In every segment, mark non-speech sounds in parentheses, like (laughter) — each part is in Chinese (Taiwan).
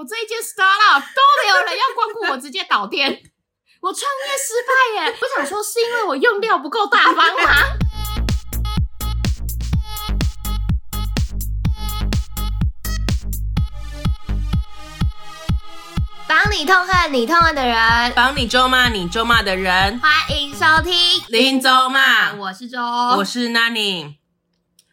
我這一間 startup 都沒有人要光顧，我直接倒店。我創業失敗耶！不想說是因為我用料不夠大方嗎？幫你痛恨你痛恨的人，幫你咒罵你咒罵的人，歡迎收聽《林周罵》，我是周，我是 Nanny。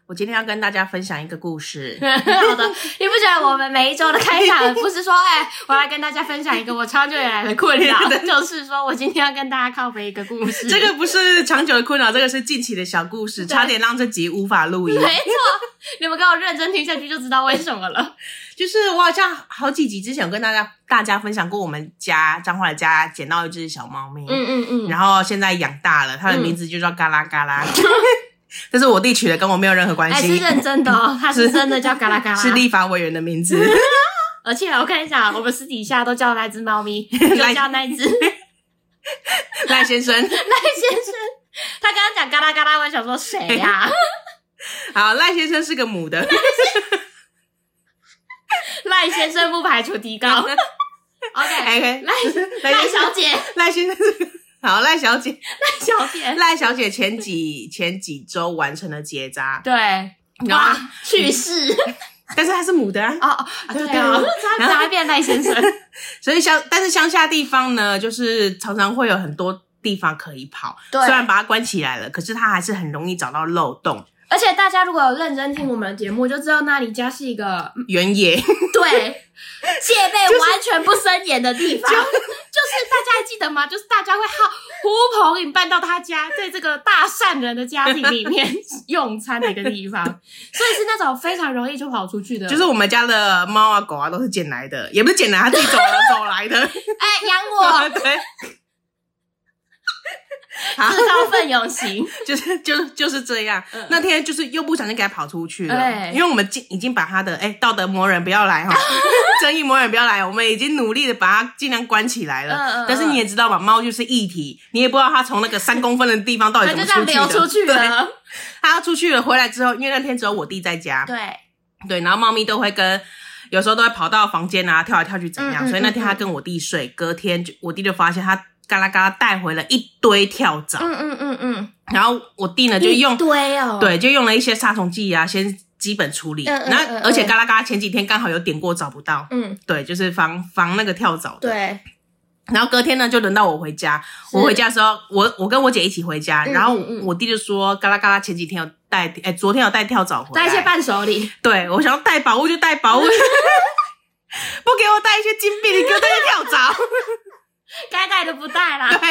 我今天要跟大家分享一個故事。 (laughs) 好的，你不覺得我們每一周的開場不是說，哎、欸，我來跟大家分享一個我長久以來的困擾， (laughs) 就是說我今天要跟大家靠北一個故事。 (laughs) 這個不是長久的困擾，這個是近期的小故事，差點讓這集無法錄音。沒錯，你們跟我認真聽下去就知道為什麼了。 (laughs) 就是我好像好幾集之前有跟大家大家分享過，我們家彰化的家撿到一隻小貓咪，嗯嗯嗯，然後現在養大了，它的名字就叫嘎啦嘎啦。 (laughs) 這是我弟取的，跟我沒有任何關係。還、哎、是認真的，哦？他是真的叫嘎啦嘎啦， (laughs) 是立法委員的名字。 (laughs) 而且我看一下，我們私底下都叫那隻貓咪就 (laughs) 叫那隻賴 (laughs) 先生。賴 (laughs) 先生，他剛剛講嘎啦嘎啦，我想說誰呀、啊？ (laughs) 好，賴先生是個母的。賴先， (laughs) 先生不排除提告。 (laughs) OK OK，賴賴小姐，賴先生。好，賴小姐，賴小姐，賴小姐前幾 (laughs) 前幾周完成了結紮，對，哇，去世，但是她是母的啊，哦、啊對對，對，然後她變賴先生， (laughs) 所以鄉但是鄉下地方呢，就是常常會有很多地方可以跑，對，雖然把她關起來了，可是她還是很容易找到漏洞。而且大家如果有認真聽我們的節目，就知道那裡家是一個原野對，對、 (laughs) 就是，戒備完全不森嚴的地方，就, (laughs) 就是大家還記得嗎？就是大家會好呼朋引伴到他家，在這個大善人的家庭裡面用餐的一個地方， (laughs) 所以是那種非常容易就跑出去的。就是我們家的貓啊狗啊都是撿來的，也不是撿來，它自己走了走來的。哎、 (laughs) 欸，養我。對自告奮勇行 (laughs) 就是就是就是這樣。呃呃，那天就是又不小心給它跑出去了，對，因為我們已經把它的哎、欸、道德魔人不要來哈，正 (laughs) 義魔人不要來，我們已經努力的把它儘量關起來了。呃呃，但是你也知道吧，貓就是液體，你也不知道它從那個三公分的地方到底怎麼出去的。就出去了，它 (laughs) 出去了，回來之後，因為那天只有我弟在家，對對，然後貓咪都會跟，有時候都會跑到房間啊，跳來跳去怎樣，嗯嗯嗯，所以那天它跟我弟睡，隔天就我弟就發現它。嘎啦嘎啦帶回了一堆跳蚤，嗯嗯嗯嗯，然後我弟呢就用一堆哦，對，就用了一些殺蟲劑啊，先基本處理。嗯，然後、嗯嗯、而且嘎啦嘎啦前幾天剛好有點過找不到，嗯，對，就是防防那個跳蚤。對，然後隔天呢就輪到我回家，我回家的時候，我我跟我姐一起回家，嗯、然後我弟就說、嗯嗯、嘎啦嘎啦前幾天有帶，誒、欸、昨天有帶跳蚤回來帶一些伴手禮，對我想要帶寶物就帶寶物，嗯、 (laughs) 不給我帶一些金幣，你給我帶一些跳蚤。 (laughs) 就不帶啦、啊，對。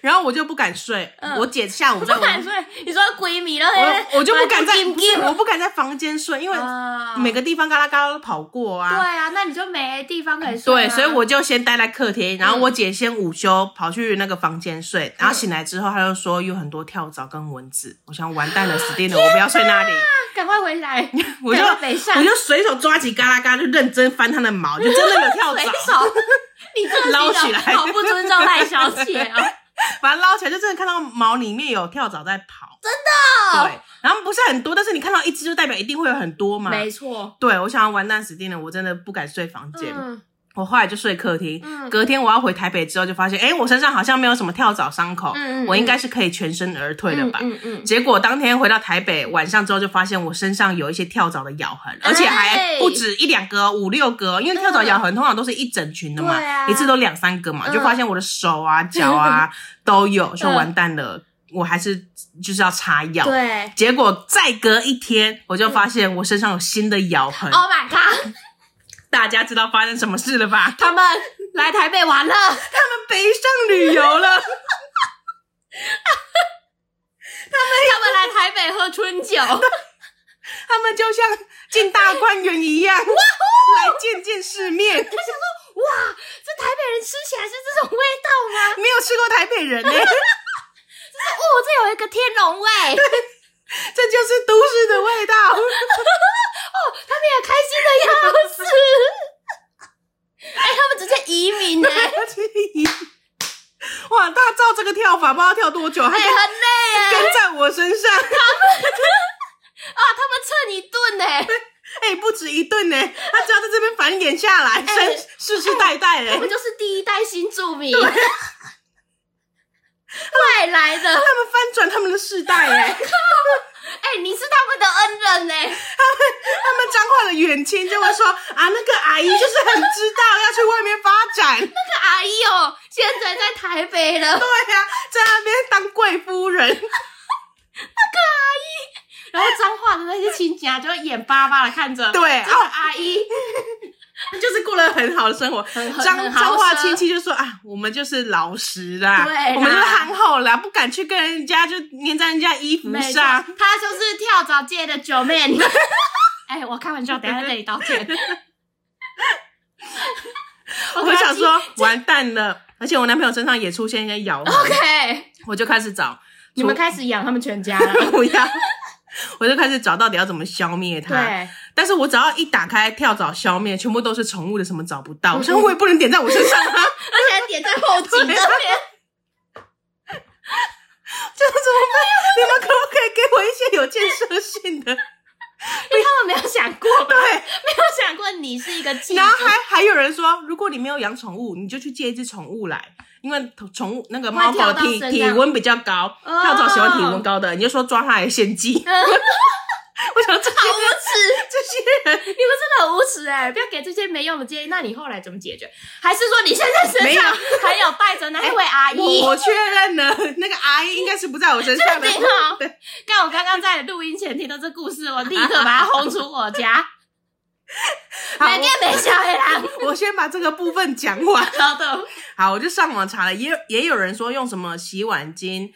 然後我就不敢睡，呃、我姐下午在我不敢睡，你說閨蜜了，我我就不敢在緊緊我不敢在房間睡，因為每個地方嘎啦嘎啦都跑過啊。對啊，那你就沒地方可以睡、啊。對，所以我就先待在客廳，然後我姐先午休、嗯、跑去那個房間睡，然後醒來之後，她就說有很多跳蚤跟蚊子，嗯、我想完蛋了、啊，死定了，我不要睡那裡，趕快回來。 (laughs) 我就我就隨手抓起嘎啦嘎、嘎就認真翻她的毛，就真的有跳蚤。 (laughs) 你這撈起來好不尊重賴小姐啊！把它撈起來，就真的看到毛裡面有跳蚤在跑，真的。對，然後不是很多，但是你看到一隻，就代表一定會有很多嘛。沒錯，對，我想要完蛋死定了，我真的不敢睡房間。嗯。我後來就睡客廳、嗯，隔天我要回台北之後就發現，誒、欸、我身上好像沒有什麼跳蚤傷口嗯嗯嗯，我應該是可以全身而退的吧嗯嗯嗯？結果當天回到台北晚上之後就發現我身上有一些跳蚤的咬痕，欸、而且還不止一兩個，五六個，因為跳蚤咬痕通常都是一整群的嘛，嗯、一次都兩三個嘛、嗯，就發現我的手啊、腳啊、嗯、都有，就完蛋了、嗯，我還是就是要擦藥。對、結果再隔一天我就發現我身上有新的咬痕。嗯、Oh my God！大家知道發生什麼事了吧？他們來台北玩了，他們北上旅遊了， (laughs) 他們他們來台北喝春酒，他們就像進大觀園一樣，來見見世面。他想說，哇，這台北人吃起來是這種味道嗎？沒有吃過台北人呢、欸，這是哦，這有一個天龍味。對，這就是都市的味道。 (laughs) 哦、他們也開心的要死。移民的、欸， (laughs) 哇！他照這個跳法，不知道跳多久，欸、還很累、欸、跟在我身上，啊，他們蹭一頓呢、欸，哎、欸，不止一頓呢、欸，他只要在這邊繁衍下來，欸、世世代代哎、欸，我、欸、們就是第一代新住民，外、啊、來的，他們翻轉他們的世代哎、欸。 (laughs) 你是他們的恩人呢、欸，他們他們彰化的遠親就會說 (laughs) 啊，那個阿姨就是很知道 (laughs) 要去外面發展，那個阿姨哦、喔，現在在台北了，對呀、啊，在那邊當貴夫人， (laughs) 那個阿姨，然後彰化的那些親戚啊，就會眼巴巴的看着，對，那、這個阿姨。 (laughs) 就是過了很好的生活。彰彰化親戚就說啊，我們就是老實啦，對，我們就是憨厚啦，不敢去跟人家就粘在人家衣服上。他就是跳蚤界的九妹。哎，我看完之後，等一下得你道歉 (laughs) 我。我想說，完蛋了！而且我男朋友身上也出現一些咬痕。OK，我就開始找。你們開始養他們全家了？不 (laughs) 要！我就開始找，到底要怎麼消滅他。對。但是我只要一打開跳蚤消滅，全部都是寵物的，什麼找不到。嗯嗯，我說我也不能點在我身上啊， (laughs) 而且還點在我腿上。 (laughs) (laughs) 這怎麼辦、哎？你們可不可以給我一些有建設性的？因為他們沒有想過吧，對，沒有想過。你是一個然後還還有人說，如果你沒有養寵物，你就去借一只寵物來，因為寵物那個貓的體體溫比較高，哦、跳蚤喜歡體溫高的，你就說抓它來獻祭。 (laughs) 我想這些好無恥！這些人，你們真的很無恥哎、欸！不要給這些沒用的建議。那你後來怎麼解決？還是說你現在身上還有帶着那一位阿姨？ (laughs) 欸、我確認了，那個阿姨應該是不在我身上的。就是沒錯啊！但我剛剛在錄音前聽到這故事，我立刻把她轟出我家。 (laughs) 好，你也沒消息了。我先把這個部分講完。好，好，我就上網查了，也也有人說用什麼洗碗巾。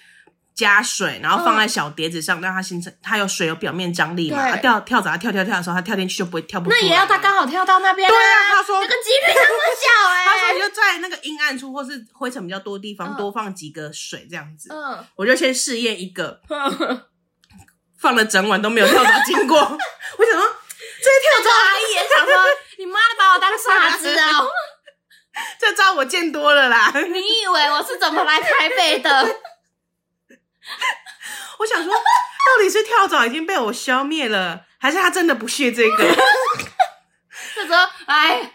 加水，然後放在小碟子上，嗯、讓它形成。它有水有表面張力嘛？它跳跳蚤，跳跳跳的時候，它跳進去就不會跳不出。那也要它剛好跳到那邊、啊。對啊，他說這、那個幾率那麼小哎、欸。 (laughs) 他說你就在那個陰暗處或是灰塵比較多地方、嗯，多放幾個水這樣子。嗯，我就先試驗一個、嗯，放了整晚都沒有跳蚤經過。 (laughs) 我想說，這跳蚤阿姨也想說，你媽的把我當傻子啊！ (laughs) 啊 (laughs) 這招我見多了啦。 (laughs) 你以為我是怎麼來台北的？ (laughs) 我想說，到底是跳蚤已經被我消滅了，還是他真的不屑這個？這時候，哎，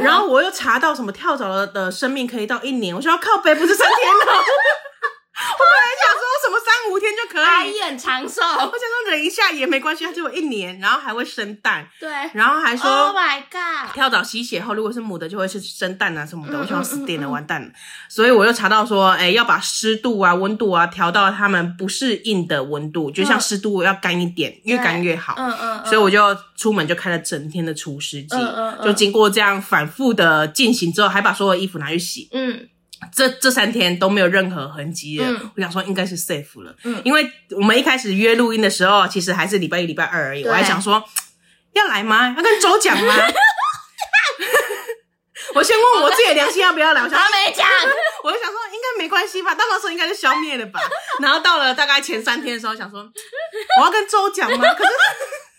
然後我又查到什麼跳蚤的生命可以到一年，我說要靠北，不是三天嗎？ (laughs) (laughs) 還也很長壽，我想說忍一下也沒關係，它只有一年，然後還會生蛋。對，然後還說，Oh my God，跳蚤吸血後，如果是母的就會是生蛋啊什麼的，嗯、我想死定了，嗯嗯嗯、完蛋。所以我又查到說，哎、欸，要把濕度啊、溫度啊調到它們不適應的溫度，就像濕度要乾一點，嗯、越乾越好。嗯嗯，嗯。所以我就出門就開了整天的除濕機，就經過這樣反覆的進行之後，還把所有衣服拿去洗。嗯。這這三天都沒有任何痕跡了，嗯、我想說應該是 safe 了、嗯，因為我們一開始約錄音的時候，其實還是禮拜一、禮拜二而已，我還想說要來嗎？要跟周講嗎？ (laughs) 我先問我自己的良心要不要來，他沒講，我就想說應該沒關係吧，到時候應該是消滅了吧。 (laughs) 然後到了大概前三天的時候，想說我要跟周講嗎？可是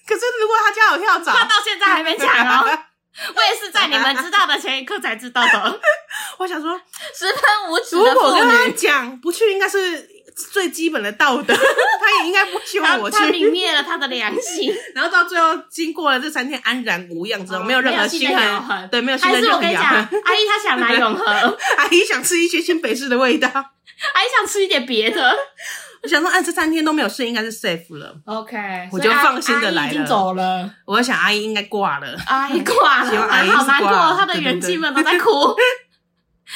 可是如果他家有跳蚤，他到現在還沒講啊 (laughs) 我也是在你們知道的前一刻才知道的。 (laughs) 我想說，十分無恥的我如果跟他講不去，應該是最基本的道德， (laughs) 他也應該不希望我去。他泯滅了他的良心。 (laughs) 然後到最後，經過了這三天，安然無恙，之後，沒有任何新的永恆。對、哦，沒有新的還是我跟你講， (laughs) 阿姨她想來永和， (laughs) 阿姨想吃一些新北市的味道， (laughs) 阿姨想吃一點別的。我想說，哎，這三天都沒有睡，應該是 safe 了。OK，我就放心的來了。已經走了，我想阿姨應該掛了、啊。阿姨掛了，阿姨掛了，嗯。好難過，他的遠親們都在哭。 (laughs)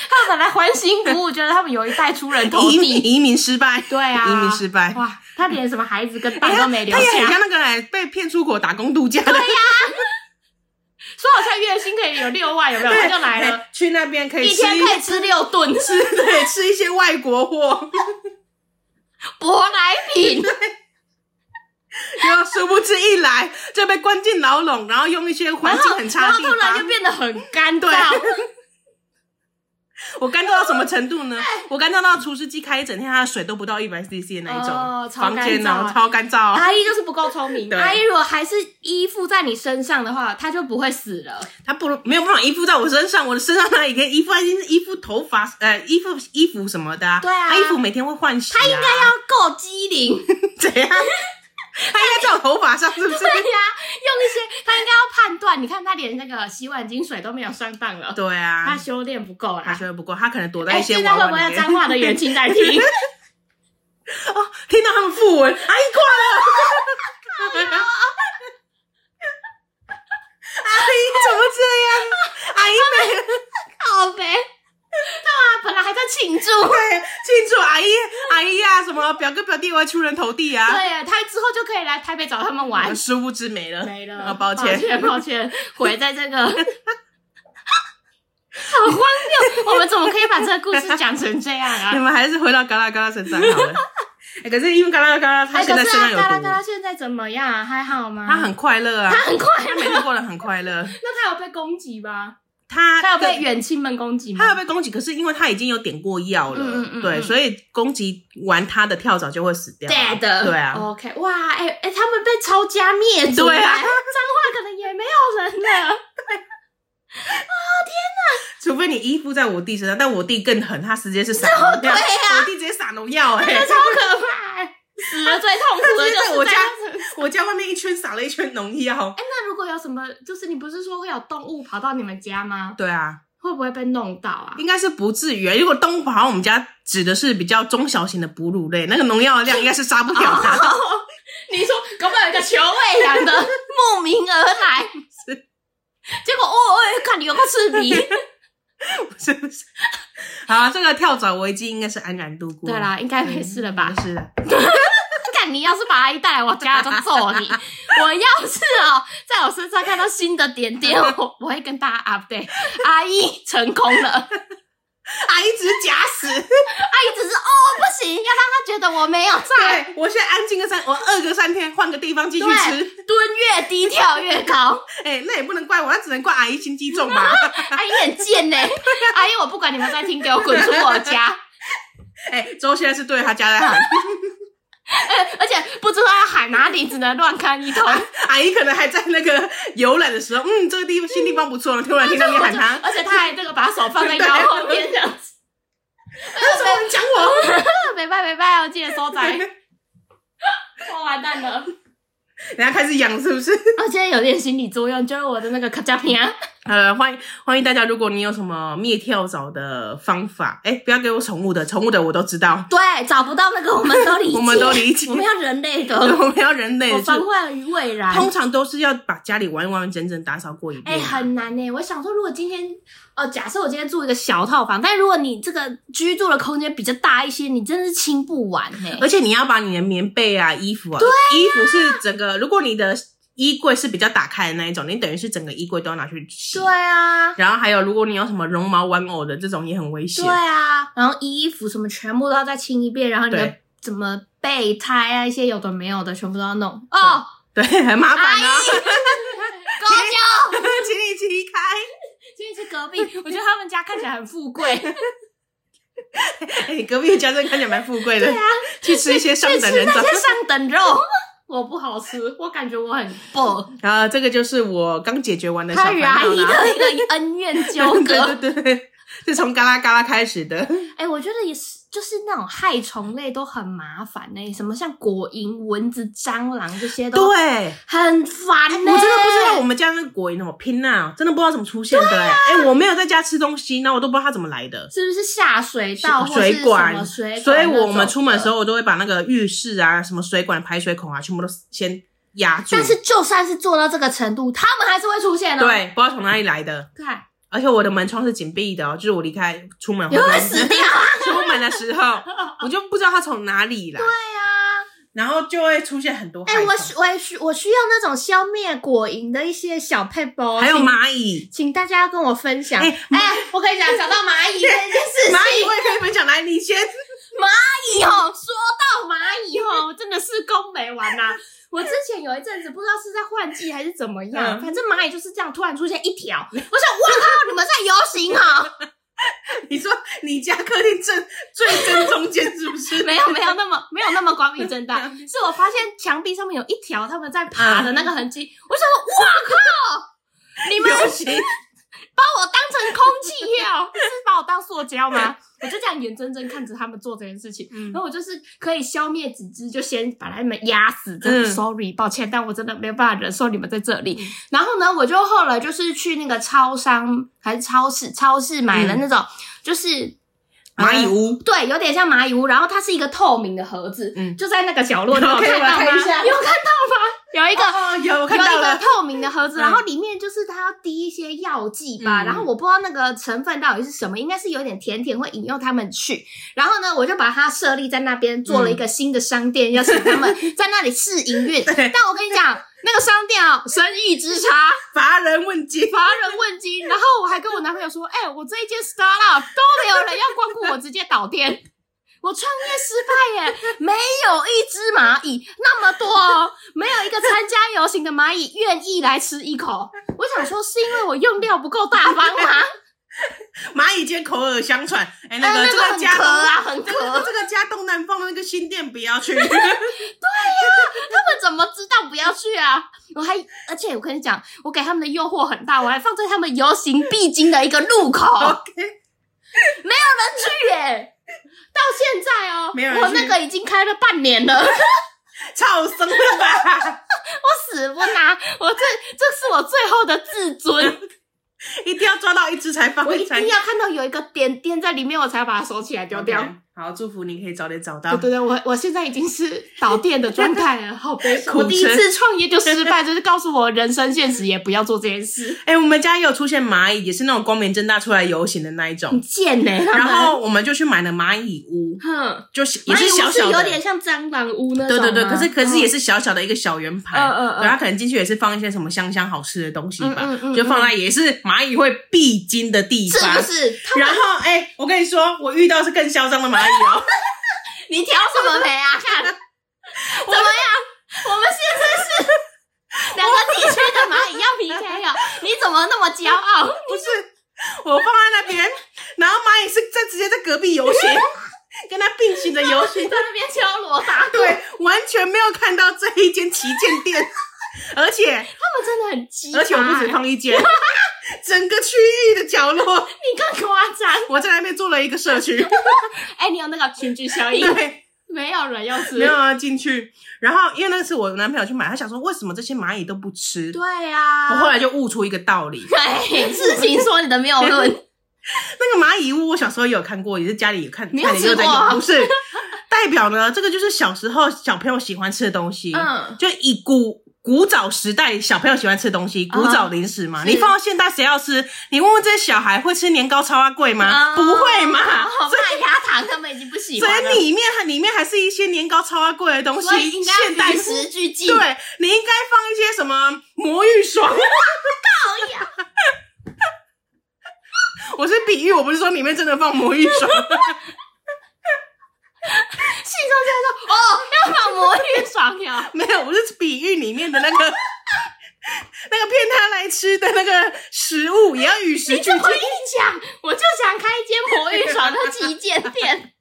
他們本來歡欣鼓舞， (laughs) 覺得他們有一代出人頭地，移民移民失敗。對啊，移民失敗。哇，他連什麼孩子跟爸都沒留下。去人家那個來被騙出國打工度假的。對呀、啊。說 (laughs) 好像月薪可以有六萬，有沒有？她就來了。欸，去那邊可以吃一天可以吃六頓，吃 (laughs) 對，吃一些外國貨。 (laughs) 舶來品，對，因 (laughs) 為殊不知一來就被關進牢籠，然後用一些環境很差的地方，然後，然後突然就變得很乾，對。 (laughs) 我乾燥到什麼程度呢？ (laughs) 我乾燥到除濕機開一整天，它的水都不到一百 CC 的那一種，喔，哦，房間哦，超乾燥，喔。阿姨就是不夠聰明。 (laughs) 阿姨如果還是依附在你身上的話，她就不會死了。她不沒有辦法依附在我身上，我的身上那一天，可以依附，依附頭髮，呃，依附衣服什麼的啊。對啊，她衣服每天會換洗啊。她應該要夠機靈， (laughs) 怎樣？ (laughs) 他應該在我頭髮上，是不是？哎、對呀、啊，用一些他應該要判斷。你看，他連那個洗碗精水都沒有上當了。對啊，他修煉不夠了。他修煉不夠，他可能躲在一些污污裡面。現在會不會有髒話的語音在聽？ (laughs) 哦，聽到他們復文，阿姨掛了。阿、哎、姨怎麼這樣？阿姨沒好唄。哎哎對啊，本來還在慶祝，慶祝阿！阿姨阿姨呀，什麼表哥表弟我要出人頭地啊！對，他之後就可以來台北找他們玩。失、嗯、誤之美了，沒了、嗯。抱歉，抱歉，抱歉，回在這個， (laughs) 好荒慌謬張！ (laughs) 我們怎麼可以把這個故事講成這樣啊？你們還是回到嘎啦嘎啦身上好了、欸。可是因為嘎啦嘎啦，他現在身上有毒、啊、嘎啦嘎啦現在怎麼樣？還好嗎？他很快樂啊，他很快樂，每天過得很快樂。 (laughs) 那他有被攻擊嗎？他他有被遠親們攻擊嗎？他有被攻擊，可是因為他已經有點過藥了，嗯、對、嗯，所以攻擊完他的跳蚤就會死掉。對的，對啊。OK，哇，哎、欸、哎、欸，他們被抄家滅族，髒話可能也沒有人了。 (laughs) 對。哦，天哪！除非你依附在我弟身上，但我弟更狠，他直接是撒農藥啊！我弟直接撒農藥，哎，超可怕。 (laughs) 死了最痛苦的就是，、啊、是我家，我家外面一圈撒了一圈農藥。哎、欸，那如果有什麼，就是你不是說會有動物跑到你們家嗎？對啊，會不會被弄到啊？應該是不至於、啊。如果動物跑到我們家，指的是比較中小型的哺乳類，那個農藥量應該是殺不掉它的。 (laughs) oh, 你說，搞不好有一個求未養的慕 (laughs) 名而來， (laughs) 結果哦哦，哎、看你有個刺鼻。 (laughs) 不是不是，好、啊，這個跳轉危機應該是安然度過。對啦，應該沒事了吧？沒、嗯、事了 (laughs) 看你要是把阿姨帶來我家，我就揍你。我要是哦、喔，在我身上看到新的點點，我我會跟大家 update， (laughs) 阿姨成功了。阿姨， (laughs) 阿姨只是假死，阿姨只是哦，不行，要讓她覺得我沒有在。對，我先安靜個三，我餓個三天，換個地方繼續吃。蹲越低，跳越高。哎、欸，那也不能怪我，那只能怪阿姨心機重吧、 (laughs) 啊。阿姨很賤呢、欸， (laughs) 阿姨我不管你們在聽，給我滾出我家。哎、欸，周現在是對他家在喊。啊哪裡只能亂看一通、啊？阿姨可能還在那個遊覽的時候，嗯，這個地方新地方不錯、嗯，突然聽到你喊他、嗯，而且他還這個把手放在腰後，後面這樣子。為什麼講我、啊？沒辦法沒辦法，我記得收窄。我完蛋了，人家開始癢是不是？哦、啊，現在有點心理作用，就是我的那個卡加片。呃，歡迎歡迎大家！如果你有什麼滅跳蚤的方法，哎，不要給我寵物的，寵物的我都知道。對，找不到那個我們都理解， (laughs) 我們都理解。我們要人類的，對，我們要人類的防患於未然。通常都是要把家裡完完整整打掃過一遍。哎，很難哎、欸！我想說，如果今天哦、呃，假設我今天住一個小套房，但如果你這個居住的空間比較大一些，你真的是清不完哎、欸。而且你要把你的棉被啊、衣服啊，對啊，衣服是整個，如果你的。衣櫃是比較打開的那一種，你等於是整個衣櫃都要拿去洗。對啊。然後還有，如果你有什麼絨毛玩偶的這種，也很危險。對啊。然後衣服什麼全部都要再清一遍，然後你的什麼備胎啊，一些有的沒有的，全部都要弄。哦，oh! 對，很麻煩啊。狗叫，請你去離開，請你去隔壁。我覺得他們家看起來很富貴。哎，隔壁的家真的看起來蠻富貴的。對啊，去吃一些上等肉。去吃那些上等肉。我不好吃，我感覺我很然後、啊、這個就是我剛解決完的小煩惱，他一個一個恩怨糾葛， (laughs) 對對對，是從嘎啦嘎啦開始的。哎、欸，我覺得也是。就是那種害蟲類都很麻煩呢、欸，什麼像果蠅、蚊子、蟑螂這些都很、欸、對很煩我真的不知道我們家那個果蠅怎麼拼啊，真的不知道怎麼出現的、欸。哎、欸，我沒有在家吃東西，那我都不知道它怎麼來的。是不是下水道、水管、水管、水管？所以我們出門的時候，我都會把那個浴室啊、什麼水管排水孔啊，全部都先壓住。但是就算是做到這個程度，他們還是會出現的、喔。對，不知道從哪裡來的。對而且我的門窗是緊閉的、哦，就是我離開出門或、啊、出門的時候， (laughs) 我就不知道它從哪裡來。對啊，然後就會出現很多。哎、欸，我需我需我需要那種消滅果蠅的一些小撇步。還有螞蟻請，請大家跟我分享。哎、欸欸、我可以講找到螞蟻這件事情。螞蟻我也可以分享來，你先。螞蟻哦，說到螞蟻哦，真的是攻沒完吶、啊。我之前有一陣子不知道是在換季還是怎麼樣，嗯、反正螞蟻就是這樣突然出現一條，我想哇靠，你們在遊行哈？ (laughs) 你說你家客廳正最正中間是不是？ (laughs) 沒有沒有那麼沒有那麼光明正大，是我發現牆壁上面有一條他們在爬的那個痕跡、嗯，我想說哇靠， (laughs) 你們遊行。把我當成空氣一樣， (laughs) 是把我當塑膠嗎？ (laughs) 我就這樣眼睜睜看着他們做這件事情、嗯，然後我就是可以消滅幾只，就先把他們壓死。真的、嗯、，sorry，抱歉，但我真的沒有辦法忍受你們在這裡。然後呢，我就後來就是去那個超商還是超市，超市買了那種、嗯、就是螞蟻屋，對，有點像螞蟻屋，然後它是一個透明的盒子，嗯，就在那個角落，看到嗎？你有看到嗎？有一個哦哦有，有一個透明的盒子，嗯、然後裡面就是它要滴一些藥劑吧、嗯，然後我不知道那個成分到底是什麼，應該是有點甜甜，會引誘他們去。然後呢，我就把它設立在那邊，做了一個新的商店，嗯、要請他們在那裡試營運。 (laughs) 但我跟你講，那個商店哦生意之差，乏人問津，乏人問津。 (laughs) 然後我還跟我男朋友說，哎，我這一間 startup 都沒有人要光顧，我直接倒店。我創業失敗耶，沒有一隻螞蟻那麼多哦，沒有一個參加遊行的螞蟻願意來吃一口。我想說，是因為我用料不夠大方嗎？螞蟻間口耳相傳，誒、欸、那個、欸、那個，很、啊這個家東很啊，這、那個這個家東南方的那個新店不要去。 (laughs) 對呀、啊，他們怎麼知道不要去啊？我還而且我跟你講，我給他們的誘惑很大，我還放在他們遊行必經的一個路口、okay. 沒有人去耶。到現在哦、喔，我那個已經開了半年了，超 (laughs) 生了吧？ (laughs) 我死不拿，我這 (laughs) 這是我最後的自尊，一定要抓到一隻才放一隻，我一定要看到有一個點點在裡面，我才把它收起來丟掉。Okay. 好，祝福你可以早點找到。對對、對，我我現在已經是倒店的狀態了，好悲催。我第一次創業就失敗， (laughs) 就是告訴我人生現實，也不要做這件事。哎、欸，我們家也有出現螞蟻，也是那種光明正大出來遊行的那一種。很賤呢、欸！然後我們就去買了螞蟻屋，哼，就也是小小、小的，有點像蟑螂屋那種。對對對，可是可是也是小小的一個小圓盤，對，哦、然後它可能進去也是放一些什麼香香好吃的東西吧，嗯嗯嗯嗯嗯就放在也是螞蟻會必經的地方，是不是？然後哎、欸，我跟你說，我遇到是更囂張的螞螞蟻，你挑什麼陪啊， (laughs) 我？看，我們呀，我們現在是兩個地區的螞蟻要 PK 啊！你怎麼那麼驕傲？不是，我放在那邊，然後螞蟻是在直接在隔壁遊行、嗯，跟他並行的遊行， (laughs) 在那邊敲鑼打鼓，對，完全沒有看到這一間旗艦店， (laughs) 而且他們真的很急、欸，而且我不只碰一間。 (laughs) 整個區域的角落，你更誇張。我在那邊做了一個社區。哎、 (laughs) 欸，你有那個群聚效應？對，沒有人要吃沒有啊，進去。然後因為那次我男朋友去買，他想說為什麼這些螞蟻都不吃？對呀、啊、我後來就悟出一個道理。對，自評說你的謬論。 (laughs) 那個螞蟻屋，我小時候也有看過，也是家裡有看，沒有看你吃過、啊、不、那、是、個。 (laughs) 代表呢，這個就是小時候小朋友喜歡吃的東西，嗯，就一股。古早時代小朋友喜歡吃的東西，古早零食嘛。Oh, 你放到現代誰要吃？你問問這些小孩會吃年糕超啊貴嗎？Oh, 不會嘛？Oh, 所以牙糖他們已經不喜歡了。所以裡面裡面還是一些年糕超啊貴的東西。應該現代與時俱進。對，你應該放一些什麼魔芋爽？ (laughs) (laughs) 我是比喻，我不是說裡面真的放魔芋爽。 (laughs) (laughs) 經說這樣說哦，要搞魔芋爽了？ (laughs) 沒有，我是比喻裡面的那個 (laughs) (laughs) 那個騙他來吃的那個食物，也要與時俱進。我跟你一講，我就想開一間魔芋爽的旗艦店。 (laughs) (laughs)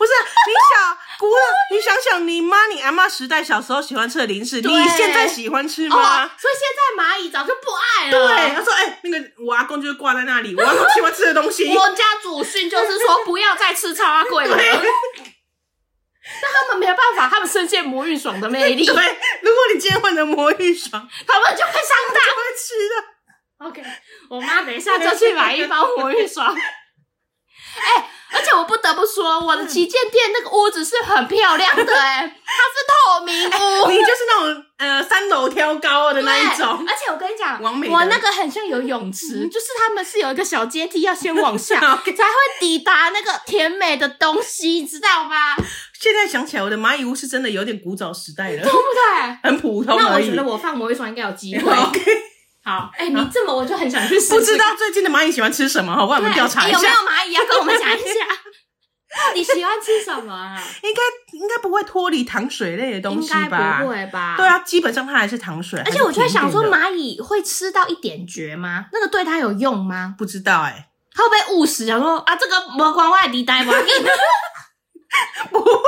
不是你想，姑，你想想你媽、你阿媽時代小時候喜歡吃的零食，你現在喜歡吃嗎？Oh, 所以現在螞蟻早就不愛了。對，他說：“哎、欸，那個我阿公就是掛在那裡，我阿公喜歡吃的東西。 (laughs) ”我家祖訓就是說，不要再吃草仔粿了。那他們沒有辦法，他們深陷魔芋爽的魅力。對，對如果你今天換成魔芋爽，他們就會上當，就會吃了。OK，我媽等一下就去買一包魔芋爽。哎、 (laughs) 欸。而且我不得不說，我的旗艦店那個屋子，是很漂亮的誒、欸，它是透明屋，欸、你就是那種呃三樓挑高的那一種。而且我跟你講，我那個很像游泳池，嗯，就是他們是有一個小階梯，要先往下、 (laughs) okay，才會抵達那個甜美的東西，你知道嗎？現在想起來，我的螞蟻屋是真的有點古早時代的， (laughs) 對不對？很普通。那我覺得我放魔芋爽應該有機會。 (laughs) okay 好，哎、欸，你這麼我就很想去試試。不知道最近的螞蟻喜歡吃什麼？好不好我們調查一下，欸、有沒有螞蟻要跟我們講一下， (laughs) 你喜歡吃什麼啊？啊應該應該不會脫離糖水類的東西吧？應該不會吧？對啊，基本上它還是糖水。而且我就在想說螞蟻會，螞蟻會吃到一點絕嗎？那個對它有用嗎？不知道、欸、它會不會誤食？想說啊，這個魔光外地呆瓜， (laughs) 不會。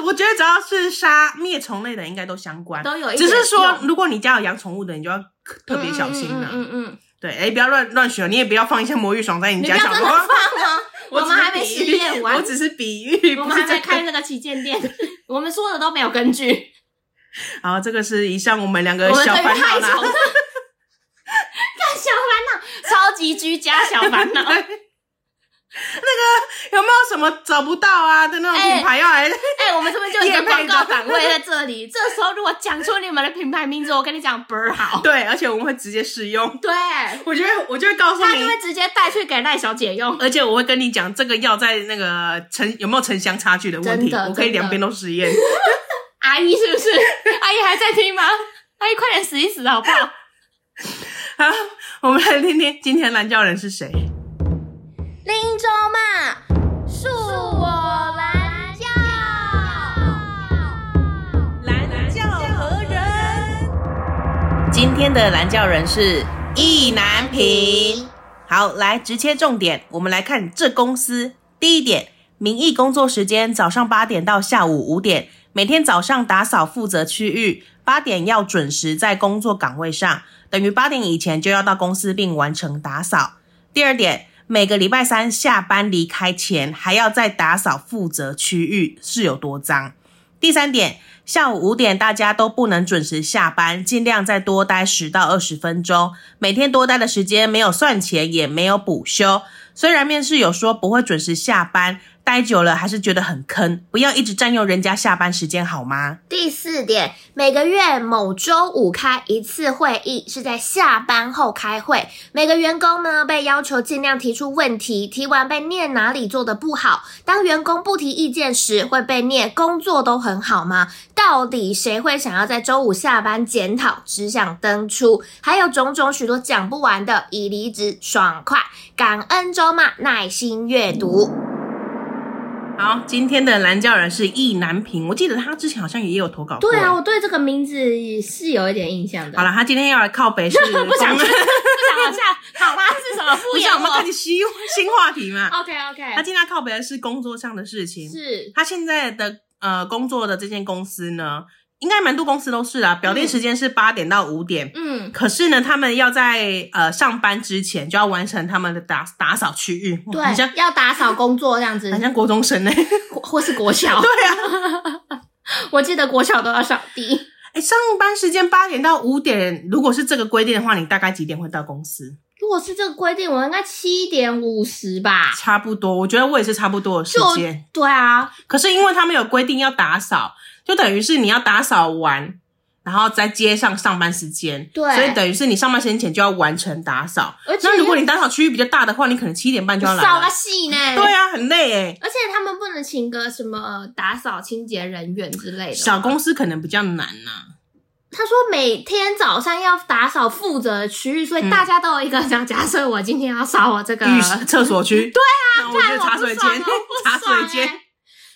我覺得只要是殺滅蟲類的，應該都相關。都有一只是說，如果你家有養寵物的，你就要特別小心了。嗯嗯，嗯，嗯，嗯。對，哎、欸，不要亂亂選，你也不要放一些魔芋爽在你家。你不要放嗎？ (laughs) 我，我們還沒實驗完，我，我只是比喻。我們還在開那個旗艦店。 (laughs) (laughs) 我們說的都沒有根據。然後這個是一項我們兩個小煩惱。我小煩惱， (laughs) 超級居家小煩惱。 (laughs) 那個。有沒有什麼找不到啊的那種品牌要來？欸？哎、 (laughs) 欸，我們是不是就有一個廣告展位在這裡？ (laughs) 這時候如果講出你們的品牌名字，我跟你講爆好。對，而且我們會直接試用。對，我覺得，我覺得告訴你，他就會直接帶去給賴小姐用。而且我會跟你講，這個藥在那個城有沒有城鄉差距的問題？我可以兩邊都實驗。 (laughs) 阿姨是不是？阿姨還在聽嗎？阿姨快點死一死好不好？ (laughs) 好，我們來聽聽今天來叫人是誰。林州嘛。今天的藍教人是意難平。好，來，直切重點，我們來看這公司。第一點，名義工作時間早上八點到下午五點，每天早上打掃負責區域，八點要準時在工作崗位上，等於八點以前就要到公司並完成打掃。第二點，每個禮拜三下班離開前，還要再打掃負責區域，是有多髒？第三點，下午五點大家都不能準時下班，盡量再多待十到二十分鐘。每天多待的時間沒有算錢，也沒有補休。雖然面試有說不會準時下班。待久了還是覺得很坑，不要一直占用人家下班時間好嗎？第四點，每個月某週五開一次會議，是在下班後開會。每個員工呢，被要求盡量提出問題，提完被念哪裡做得不好。當員工不提意見時，會被念工作都很好嗎？到底誰會想要在週五下班檢討？只想登出，還有種種許多講不完的，已離職，爽快，感恩周罵，耐心閱讀。好，今天的藍教人是意難平。我記得他之前好像也有投稿。對啊，我對這個名字也是有一點印象的。好了，他今天要來靠北是？ (laughs) 不想 (laughs) 不想不講了，下好，他是什麼敷衍我？ (laughs) 不想我們看你新新話題嘛。 (laughs) OK OK，他今天要靠北的是工作上的事情。是，他現在的呃工作的這間公司呢，應該蠻多公司都是啦、啊，表定時間是八點到五點，嗯，嗯，可是呢，他們要在呃上班之前就要完成他們的打打掃區域，對，像要打掃工作這樣子，好、嗯、像國中生呢、欸，或是國小，對啊， (laughs) 我記得國小都要掃地。哎、欸，上班時間八點到五點，如果是這個規定的話，你大概幾點會到公司？如果是這個規定，我應該七點五十吧，差不多，我覺得我也是差不多的時間，對啊，可是因為他們有規定要打掃。就等於是你要打掃完，然後再接上上班時間。對。所以等於是你上班時間前就要完成打掃。而且。那如果你打掃區域比較大的話，你可能七點半就要來了。掃個洗呢？對啊，很累哎、欸。而且他們不能請個什麼打掃清潔人員之類的。小公司可能比較難吶、啊。他說每天早上要打掃負責的區域，所以大家都有一個講。假設我今天要掃我這個廁所區。 (laughs) 對啊。那我就茶水間，茶、喔欸、水間。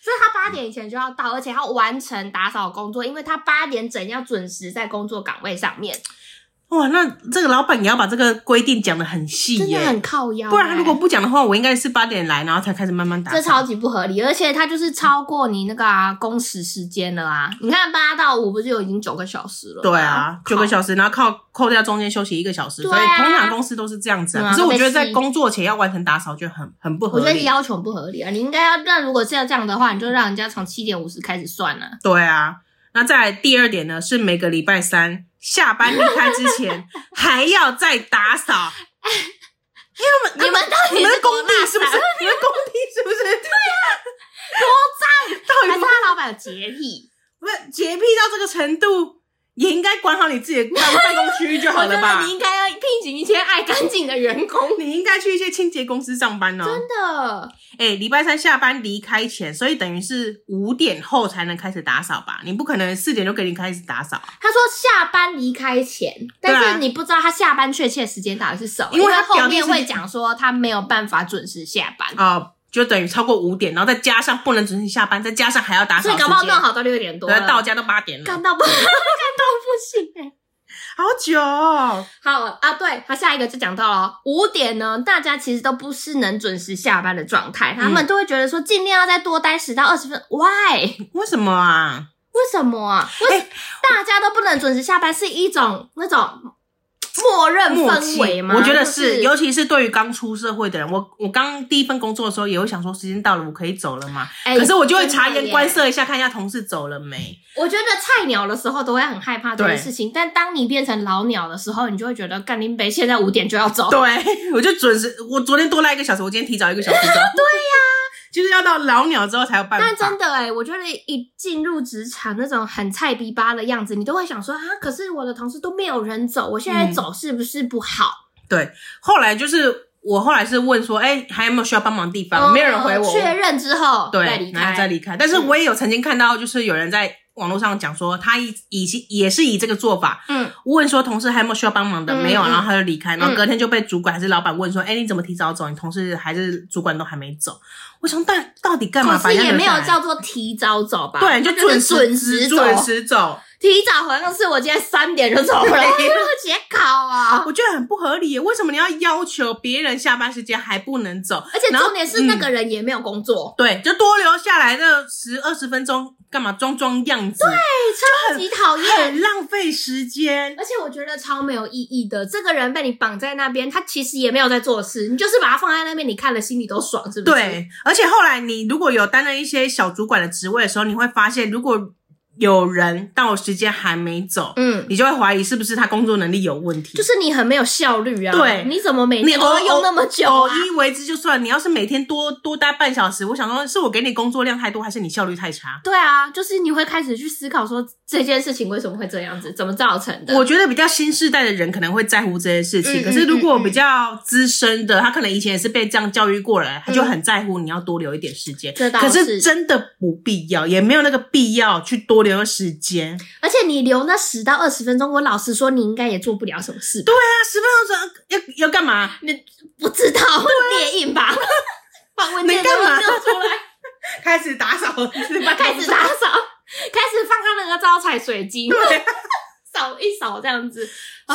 所以他八點以前就要到，而且要完成打掃工作，因為他八點整要準時在工作崗位上面。哇，那這個老闆也要把這個規定講、欸、得很細，真的很靠腰、欸。不然如果不講的話，我應該是八點來，然後才開始慢慢打掃。這超級不合理，而且他就是超過你那個、啊、工時時間了啊！你看八到五，不是有已經九個小時了？對啊，九個小時，然後扣扣掉中間休息一個小時、啊，所以通常公司都是這樣子啊。啊。可是我覺得在工作前要完成打掃就很很不合理。我覺得要求不合理啊！你應該要，那如果是要這樣的話，你就讓人家從七點五十開始算啊。對啊。那再來第二點呢，是每個禮拜三下班離開之前， (laughs) 還要再打掃。因為你們，你們到底是工地是不是？你們工地， (laughs) 地是不是？對啊，多髒！到底有沒有，還是他老闆有潔癖，不是潔癖到這個程度。也應該管好你自己的辦公區就好了吧？ (laughs) 你應該要聘請一些愛乾淨的員工。 (laughs) 你應該去一些清潔公司上班哦。真的。哎、欸，禮拜三下班離開前，所以等於是五點後才能開始打掃吧？你不可能四點就給你開始打掃。他說下班離開前、啊，但是你不知道他下班確切時間到底是什麼？因為他因為後面會講說他沒有辦法準時下班哦、呃，就等於超過五點，然後再加上不能準時下班，再加上還要打掃，所以搞不好弄好到六點多，對，到家都八點了，到 (laughs) 謝謝好久、哦，好啊，對，好，下一個就講到了五點呢。大家其實都不是能準時下班的狀態、嗯，他們都會覺得說，盡量要再多待十到二十分，喂，為什麼啊？為什麼啊？欸、為什麼大家都不能準時下班，是一種那種。默認氛圍嗎？我覺得是，就是，尤其是對於剛出社會的人，我我剛第一份工作的時候也會想說，時間到了，我可以走了嘛。欸、可是我就會察言觀色一下，看一下同事走了沒。我覺得菜鳥的時候都會很害怕這件事情，但當你變成老鳥的時候，你就會覺得幹林北，現在五點就要走。對，我就準時。我昨天多來一個小時，我今天提早一個小時走。 (laughs) 對呀、啊。就是要到老鳥之後才有辦法。但真的哎、欸，我覺得一進入職場那種很菜逼巴的樣子，你都會想說啊。可是我的同事都沒有人走，我現在走是不是不好？嗯、對，後來就是我後來是問說，哎、欸，還有沒有需要幫忙的地方？哦、沒有人回我、哦。確認之後再離開，然後再離開。但是我也有曾經看到，就是有人在。嗯網絡上講說，他以以也是以這個做法，嗯，問說同事還有沒有需要幫忙的、嗯，沒有，然後他就離開、嗯，然後隔天就被主管還是老闆問說，哎、嗯，欸，你怎麼提早走？你同事還是主管都還沒走，我想但到底幹嘛把？反正也沒有叫做提早走吧，對，就準，就準時準時走。提早好像是我今天三點就走了， (laughs) 啊，啊，我覺得很不合理，為什麼你要要求別人下班時間還不能走？而且重點是、嗯、那個人也沒有工作，對，就多留下來的十二十分鐘幹嘛裝裝樣子？對，超級討厭，很浪費時間，而且我覺得超沒有意義的。這個人被你綁在那邊，他其實也沒有在做事，你就是把他放在那邊，你看了心裡都爽，是不是？對。而且後來你如果有擔任一些小主管的職位的時候，你會發現如果。有人，但我時間還沒走，嗯，你就會懷疑是不是他工作能力有問題，就是你很沒有效率啊，對，你怎麼每天都用那麼久，啊，偶一為之就算，你要是每天多多待半小時，我想說是我給你工作量太多，還是你效率太差？對啊，就是你會開始去思考說，這件事情為什麼會這樣子，怎麼造成的？我覺得比較新世代的人可能會在乎這件事情，嗯、可是如果比較資深的，他可能以前也是被這樣教育過來，他就很在乎你要多留一點時間，嗯，可是真的不必要，也沒有那個必要去多留。留時間，而且你留那十到二十分鐘，我老實說，你應該也做不了什麼事。對啊，十分鐘，鐘要要幹嘛？你不知道？啊、電影吧，放 (laughs) 文件都交出來 (laughs) 開，開始打掃，開始打掃，開始放他那個招財水晶，掃、啊、 (laughs) 一掃這樣子。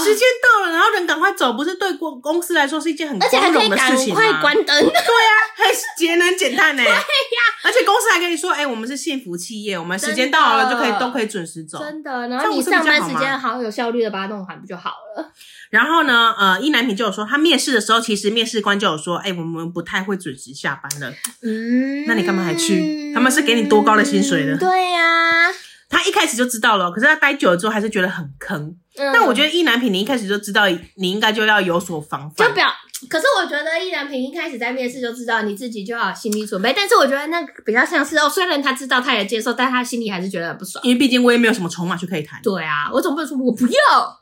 時間到了，然後人趕快走，不是對公公司來說是一件很光榮的事情嗎？而且還可以關燈 (laughs) 對呀，還是節能減碳呢。 (laughs) 對呀、啊，而且公司還跟你說，哎、欸，我們是幸福企業，我們時間到了就可以都可以準時走。真的，然後你上班時間好，好有效率的把它弄完不就好了？然後呢，呃，易南平就有說，他面試的時候，其實面試官就有說，哎、欸，我們不太會準時下班了。嗯，那你幹嘛還去？他們是給你多高的薪水呢、嗯？對呀、啊。他一開始就知道了，可是他待久了之後還是覺得很坑。嗯、但我覺得意難平你一開始就知道，你應該就要有所防範。就不要，可是我覺得意難平一開始在面試就知道，你自己就要有心理準備。但是我覺得那個比較像是哦，雖然他知道他也接受，但他心裡還是覺得很不爽。因為畢竟我也沒有什麼籌碼去可以談。對啊，我總不能說我不要。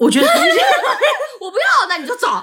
我覺得， (laughs) 我不要那你就走。 (laughs)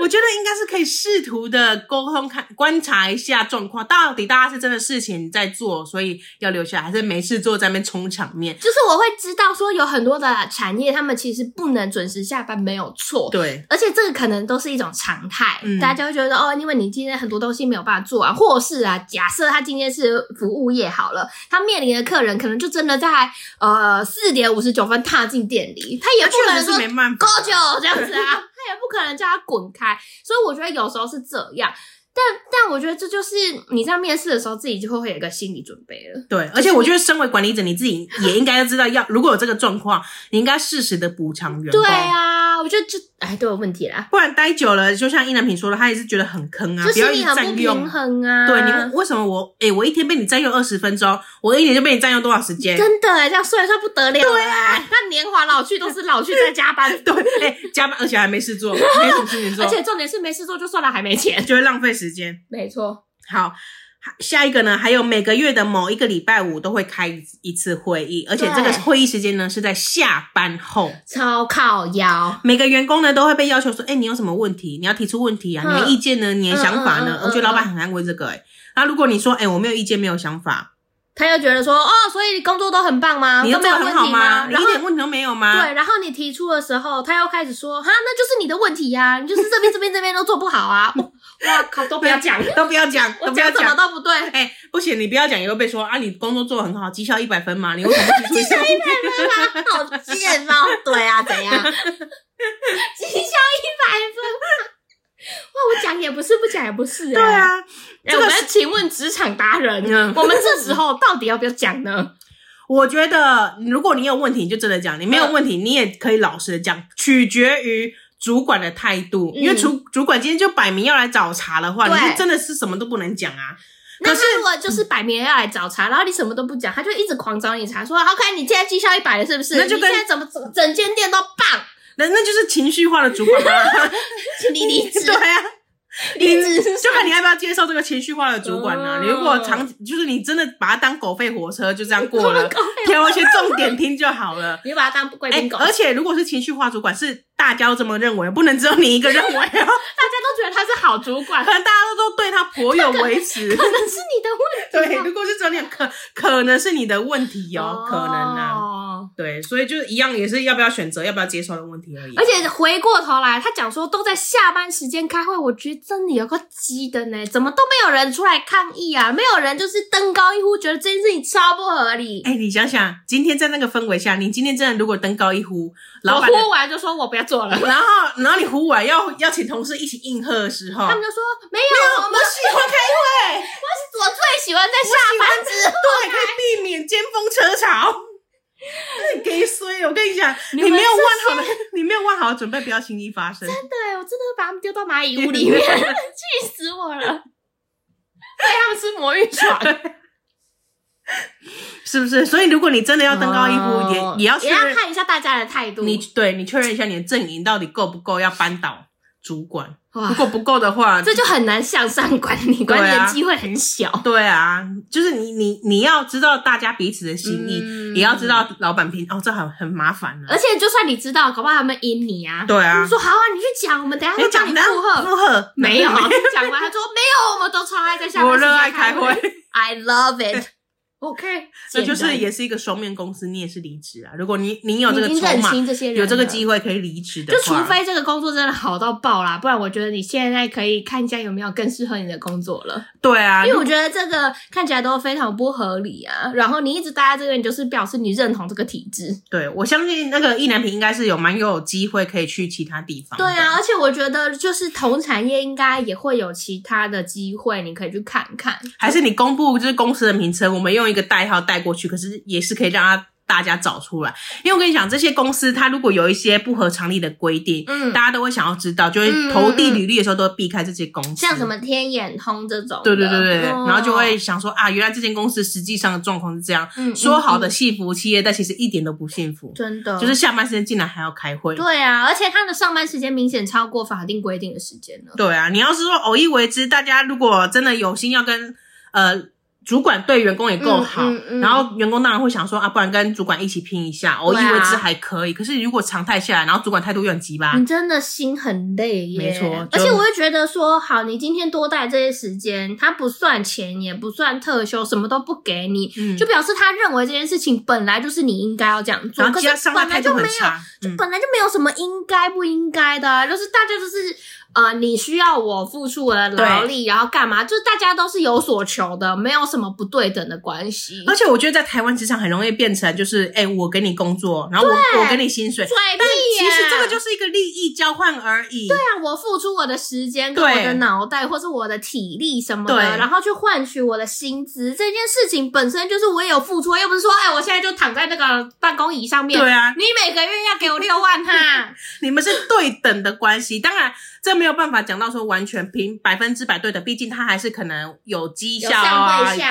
我覺得應該是可以試圖的溝通看觀察一下狀況，到底大家是真的事情在做，所以要留下，還是沒事做在那邊充場面？就是我會知道說有很多的產業，他們其實不能準時下班沒有錯，對，而且這個可能都是一種常態，嗯、大家會覺得哦，因為你今天很多東西沒有辦法做完，啊，或是啊，假設他今天是服務業好了，他面臨的客人可能就真的在呃四點五十九分踏進店裡，他。也不能說多久這樣子啊， (laughs) 他也不可能叫他滾開，所以我覺得有時候是這樣，但但我覺得這就是你在面試的時候自己就會有一個心理準備了。對，就是、而且我覺得身為管理者，你自己也應該要知道要，要 (laughs) 如果有這個狀況，你應該適時的補償員工。對啊，我覺得這哎都有問題啦，不然待久了，就像易南平說的，他也是覺得很坑啊，就是你占用啊，用對你為什麼我哎、欸，我一天被你占用二十分鐘，我一年就被你占用多少時間？真的哎、欸，這樣算一算不得了，對、啊，那你。老去都是老去在加班。 (laughs) 對、欸，加班而且還沒事做，沒什麼事情做， (laughs) 而且重點是沒事做就算了，還沒錢，就會浪費時間。沒錯，好，下一個呢，還有每個月的某一個禮拜五都會開一次會議，而且這個會議時間呢是在下班後，超靠腰。每個員工呢都會被要求說，哎、欸，你有什麼問題？你要提出問題啊，你的意見呢？你的想法呢？嗯嗯嗯嗯嗯嗯嗯，我覺得老板很安慰這個、欸，誒那如果你說，哎、欸，我沒有意見，沒有想法。他又覺得說，哦，所以你工作都很棒嗎？你很好嗎？都沒有問題嗎？嗎你一點問題都沒有嗎？對，然後你提出的時候，他又開始說，哈，那就是你的問題呀、啊，你就是這邊這邊這邊都做不好啊！ (laughs) 哇靠，都不要講， (laughs) 都不要講， (laughs) 我講什麼都不對都不、欸，不行，你不要講，也會被說啊，你工作做得很好，績效一百分嘛，你為什麼提出？績效一百分嘛，好賤啊！對啊，怎樣？績效一百分。哇，我講也不是，不講也不是、啊。對啊，欸這個，我們，請問職場達人呢？ (laughs) 我們這時候到底要不要講呢？我覺得，如果你有問題，你就真的講；你沒有問題、嗯，你也可以老實的講。取決於主管的態度，因為主、嗯、主管今天就擺明要來找茬的話，你就真的是什麼都不能講啊。那他如果就是擺明要來找茬，然後你什麼都不講，他就一直狂找你茬，說、嗯、說：“OK，你現在績效一百了，是不是？那現在怎麼整整間店都棒？”那那就是情緒化的主管嗎？理 (laughs) 智你 (laughs) 對啊，你， (laughs) 你就看你要不要接受這個情緒化的主管呢、啊。 (laughs) 你如果長就是你真的把它當狗吠火車就這樣過了，挑一些重點聽就好了，你把他當貴賓狗、欸、 (laughs) 而且如果是情緒化主管是。大家都這麼認為，不能只有你一個認為哦，喔。 (laughs) 大家都覺得他是好主管，可能大家都都對他頗有維持。 (laughs) 可能是你的問題，喔。對，如果是這樣，可可能是你的問題，喔，哦，可能呢，啊。對，所以就是一樣，也是要不要選擇，要不要接受的問題而已。而且回過頭來，他講說都在下班時間開會，我覺得真的有個雞的呢，怎麼都沒有人出來抗議啊？沒有人就是登高一呼，覺得這件事情超不合理。哎，欸，你想想，今天在那個氛圍下，你今天真的如果登高一呼，老板，我呼完就說，我不要。做了 (laughs) 然後，然後然後你呼完要要請同事一起應和的時候，他們就說沒有，沒有我，們我喜歡開會，我是我最喜歡在下班之後，對，可以避免尖峰車潮。你給衰我跟你講，你沒有問好，你沒有問好準備，不要輕易發生。真的哎、欸，我真的會把他們丟到螞蟻屋裡面， (laughs) (laughs) 氣死我了！讓 (laughs) 他們吃魔芋爽。 (laughs) 是不是？所以如果你真的要登高一呼、哦，也也要也要看一下大家的態度。你對你確認一下你的陣營到底夠不夠要扳倒主管。如果不夠的話，這就很難向上管理，啊、管理的機會很小。對啊，就是你你你要知道大家彼此的心意，嗯、也要知道老板平、嗯、哦，這很很麻煩、啊、而且就算你知道，搞不好他們陰你啊。對啊，說好啊，你去講，我們等一下會講你附和附和。沒有講完，他說沒有，我們都超愛在下面我熱愛開會。 (laughs) I love it。 (laughs) OK，這就是也是一個雙面公司，你也是離職啊。如果你你有這個籌碼，有這個機會可以離職的，就除非這個工作真的好到爆啦，不然我覺得你現在可以看一下有沒有更適合你的工作了。對啊，因為我覺得這個看起來都非常不合理啊。然後你一直待在這個，你就是表示你認同這個體制。對，我相信那個意難平應該是有蠻有機會可以去其他地方。對啊，而且我覺得就是同產業應該也會有其他的機會，你可以去看看。還是你公布就是公司的名稱，我們用。一個代號帶過去，可是也是可以讓他大家找出來。因為我跟你講，這些公司它如果有一些不合常理的規定，嗯，大家都會想要知道，就會投遞履歷的時候嗯嗯嗯都會避開這些公司，像什麼天眼通這種。對對對對、哦，然後就會想說啊，原來這間公司實際上的狀況是這樣嗯嗯嗯，說好的幸福企業，但其實一點都不幸福，真的。就是下班時間竟然還要開會。對啊，而且他的上班時間明顯超過法定規定的時間了。對啊，你要是說偶一為之，大家如果真的有心要跟呃。主管對員工也夠好，嗯嗯嗯，然後員工當然會想說啊，不然跟主管一起拼一下，偶一為之還可以。啊，可是如果常態下來，然後主管態度又很急吧？你真的心很累耶，沒錯。而且我會覺得說，好，你今天多帶這些時間，他不算錢，也不算特休，什麼都不給你，嗯，就表示他認為這件事情本來就是你應該要這樣做。然後就，本來就沒有，嗯，就本來就沒有什麼應該不應該的，啊，就是大家都，就是。呃，你需要我付出我的勞力，然後幹嘛？就是大家都是有所求的，沒有什麼不對等的關係。而且我覺得在台灣職場很容易變成，就是哎、欸，我給你工作，然後我我給你薪水，水利，但其實這個就是一個利益交換而已。對啊，我付出我的時間跟我的腦袋，或是我的體力什麼的，然後去換取我的薪資。這件事情本身就是我也有付出，又不是說哎、欸，我現在就躺在那個辦公椅上面。對啊，你每個月要給我六萬哈。 (laughs) 你們是對等的關係，當然。這沒有辦法講到說完全憑百分之百對的，畢竟他還是可能有績效啊，對，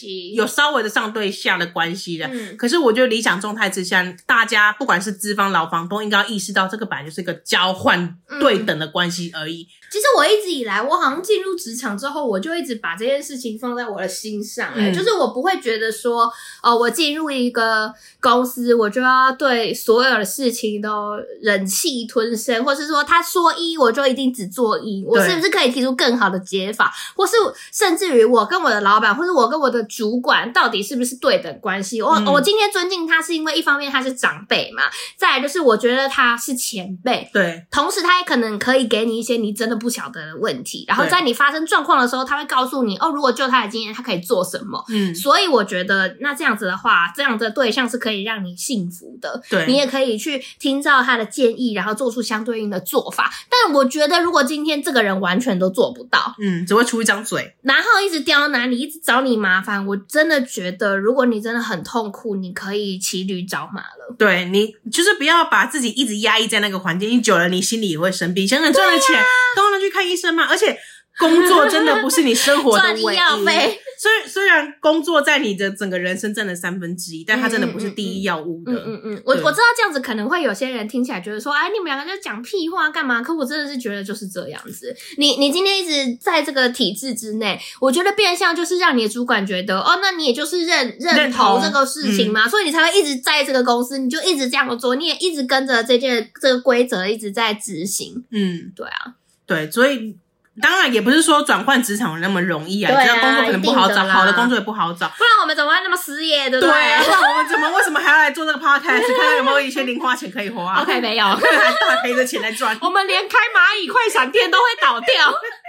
對，有稍微的上對下的關係的。嗯，可是我覺得理想狀態之下，大家不管是資方、勞方都應該要意識到，這個本來就是一個交換對等的關係而已，嗯。其實我一直以來，我好像進入職場之後，我就一直把這件事情放在我的心上，嗯、就是我不會覺得說，呃、哦，我進入一個公司，我就要對所有的事情都忍氣吞聲，或是說他說一我就。不一定只做一，我是不是可以提出更好的解法，或是甚至於我跟我的老板，或是我跟我的主管，到底是不是對等關係？嗯，我我今天尊敬他，是因為一方面他是長輩嘛，再來就是我覺得他是前輩，對，同時他也可能可以給你一些你真的不曉得的問題，然後在你發生狀況的時候，他會告訴你，哦，如果就他的經驗，他可以做什麼。嗯，所以我覺得那這樣子的話，這樣的對象是可以讓你幸福的，對，你也可以去聽照他的建議，然後做出相對應的做法，但我。覺得如果今天這個人完全都做不到，嗯，只會出一張嘴，然後一直刁難你，一直找你麻煩。我真的覺得，如果你真的很痛苦，你可以騎驢找馬了。對你，就是不要把自己一直壓抑在那個環境，你久了，你心裡也會生病。想想賺的錢都能去看醫生嗎？而且。 (laughs) 工作真的不是你生活的唯一。賺醫藥費，雖雖然工作在你的整個人生占了三分之一，嗯，但它真的不是第一要務的。嗯嗯，嗯，嗯我我知道這樣子可能會有些人聽起來覺得說，哎、啊，你們兩個在講屁話幹嘛？可我真的是覺得就是這樣子。你你今天一直在這個體制之內，我覺得變相就是讓你的主管覺得，哦，那你也就是認認同這個事情嘛，嗯，所以你才會一直在這個公司，你就一直這樣做，你也一直跟着這件這個規則一直在執行。嗯，對啊，對，所以。當然也不是說轉換職場那麼容易啊，你知道工作可能不好找，好的工作也不好找，不然我們怎麼會那麼失業？對不對？不然、啊、 (laughs) 我們怎麼為什麼還要來做這個 podcast， (laughs) 看看有沒有一些零花錢可以花、啊、？OK，沒有，大 (laughs) 賠着錢來賺。 (laughs) 我們連開螞蟻快閃店都會倒掉。 (laughs)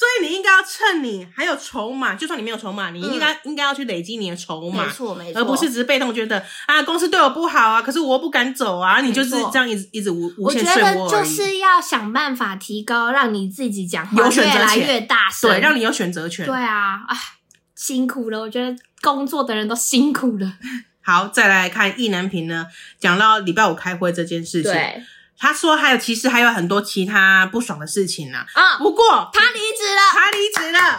所以你應該要趁你還有籌碼，就算你沒有籌碼，你應該、嗯、應該要去累積你的籌碼。沒錯沒錯，而不是只是被動覺得啊，公司對我不好啊，可是我不敢走啊，你就是這樣一直一直無無限。我覺得就是要想辦法提高，讓你自己講話越來越大聲，有選擇權，對，讓你有選擇權。對啊，唉，辛苦了，我覺得工作的人都辛苦了。好，再來看意難平呢，講到禮拜五開會這件事情。對。他說：“還有，其實還有很多其他不爽的事情呢。啊，uh, 不過他離職了，他離職了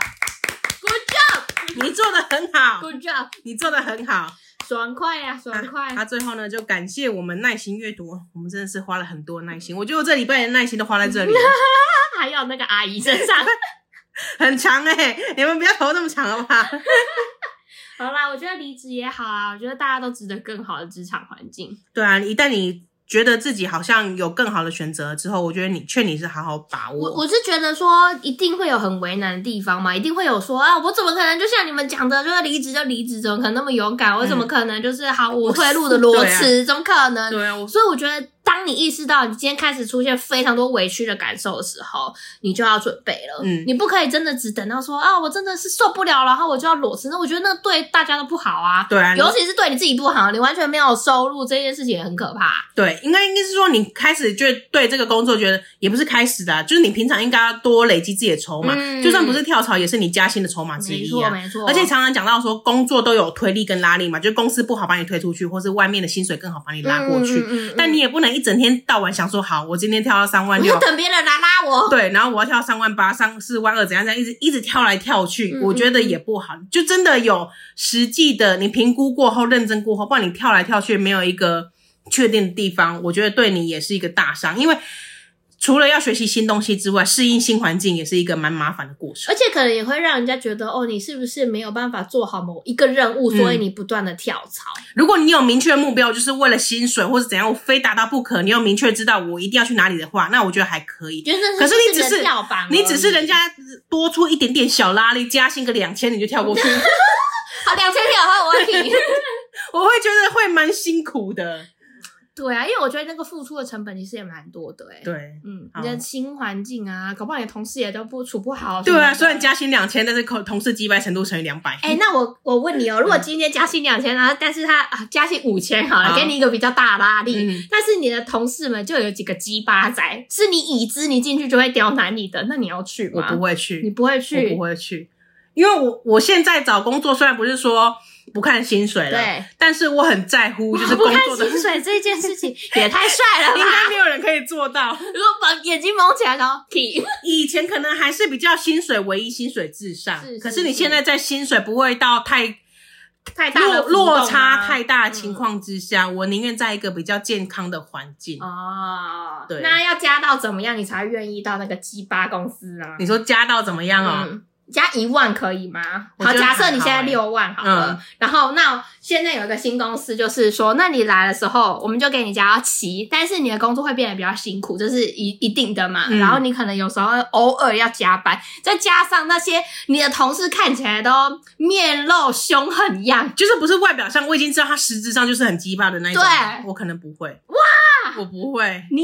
，Good job，你做得很好，Good job，你做得很好，很好啊，爽快呀，啊，爽快。他，啊，最後呢，就感謝我們耐心閱讀，我們真的是花了很多耐心，我覺得我這禮拜的耐心都花在這裡了。 (laughs) 還有那個阿姨身上， (laughs) 很長誒，欸、你們不要投那麼長了吧。 (laughs) 好啦，我覺得離職也好啊，我覺得大家都值得更好的職場環境。對啊，一旦你……覺得自己好像有更好的選擇之後，我覺得你勸你是好好把握。我我是覺得說一定會有很為難的地方嘛，一定會有說，啊，我怎麼可能就像你們講的，就是離職就離職，怎麼可能那麼勇敢、嗯？我怎麼可能就是毫無退路的裸辭？怎麼、啊、可能？對啊，對啊，我所以我覺得。當你意識到你今天開始出現非常多委屈的感受的時候，你就要準備了。嗯，你不可以真的只等到說啊，我真的是受不了了，然後我就要裸辭。那我覺得那對大家都不好啊。對啊，尤其是對你自己不好，你完全沒有收入，這件事情也很可怕。對，應該應該是說你開始就對這個工作覺得也不是開始的啊，就是你平常應該要多累積自己的籌碼。嗯，就算不是跳槽，也是你加薪的籌碼之一啊。沒錯，沒錯。而且常常講到說工作都有推力跟拉力嘛，就公司不好把你推出去，或是外面的薪水更好把你拉過去。嗯嗯，但你也不能一。一整天到晚想說好，我今天跳到三萬六，又等別人來拉我。對，然後我要跳三萬八、三四萬二，怎樣這樣一直一直跳來跳去，嗯嗯，我覺得也不好。就真的有實際的，你評估過後，認真過後，不然你跳來跳去沒有一個確定的地方，我覺得對你也是一個大傷，因為。除了要學習新東西之外，適應新環境也是一個蠻麻煩的過程，而且可能也會讓人家覺得，哦，你是不是沒有辦法做好某一個任務，所以你不斷的跳槽、嗯。如果你有明確的目標，就是為了薪水或者怎樣，我非達到不可，你有明確知道我一定要去哪裡的話，那我覺得還可以。就是、是可是你只是跳板，你只是人家多出一點點小拉力，加薪個兩千你就跳過去，好兩千跳的話，我會，我會覺得會蠻辛苦的。對啊，因為我覺得那個付出的成本其實也蠻多的哎、欸。對，嗯，你的新環境啊，搞不好你的同事也都不處不好、啊。對啊，啊，雖然加薪兩千，但是同同事雞掰程度乘以兩百。哎、欸，那我我問你哦、喔嗯，如果今天加薪兩千啊，但是他啊，加薪五千好了好，給你一個比較大的拉力、嗯，但是你的同事們就有幾個雞巴仔，是你已知你進去就會刁難你的，那你要去嗎？我不會去，你不會去，我不會去，因為我我現在找工作，雖然不是說。不看薪水了對，但是我很在乎，就是工作的不看薪水 (laughs) 這件事情也太帥了吧？ (laughs) 應該沒有人可以做到， (laughs) 如果把眼睛蒙起來然後，以前可能還是比較薪水唯一，薪水至上。是、是、是。可是你現在在薪水不會到太太大的落，啊、落差太大的情況之下，嗯、我寧願在一個比較健康的環境哦，對。那要加到怎麼樣你才願意到那個雞巴公司啊？你說加到怎麼樣啊，哦？嗯加一萬可以嗎？好，欸、好，假設你現在六萬好了，嗯、然後那現在有一個新公司，就是說，那你來的時候，我們就給你加到七，但是你的工作會變得比較辛苦，這、就是一一定的嘛。嗯、然後你可能有時候偶爾要加班，再加上那些你的同事看起來都面露凶狠樣，就是不是外表上，我已經知道他實質上就是很雞巴的那一種。對，我可能不會哇，我不會你。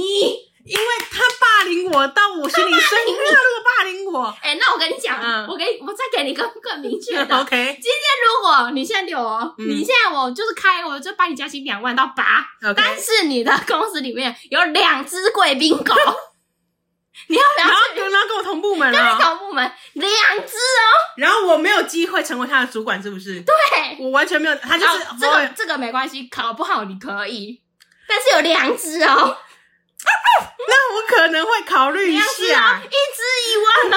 因為他霸凌我，到我心裡生要如果霸凌我，哎、欸，那我跟你講啊、嗯，我給，我再給你個更明確的。嗯、OK，今天如果你現在有、嗯，你現在我就是開，我就把你加薪兩萬到八。OK，但是你的公司裡面有兩隻貴賓狗， (laughs) 你要你要然後跟他跟我同部門了、哦，就是、同部門兩隻哦。然後我沒有機會成為他的主管，是不是？對，我完全沒有。他就是、啊、這個這個沒關係，考不好你可以，但是有兩隻哦。 (laughs) 那我可能會考慮、啊、一下，啊、一只一萬哦。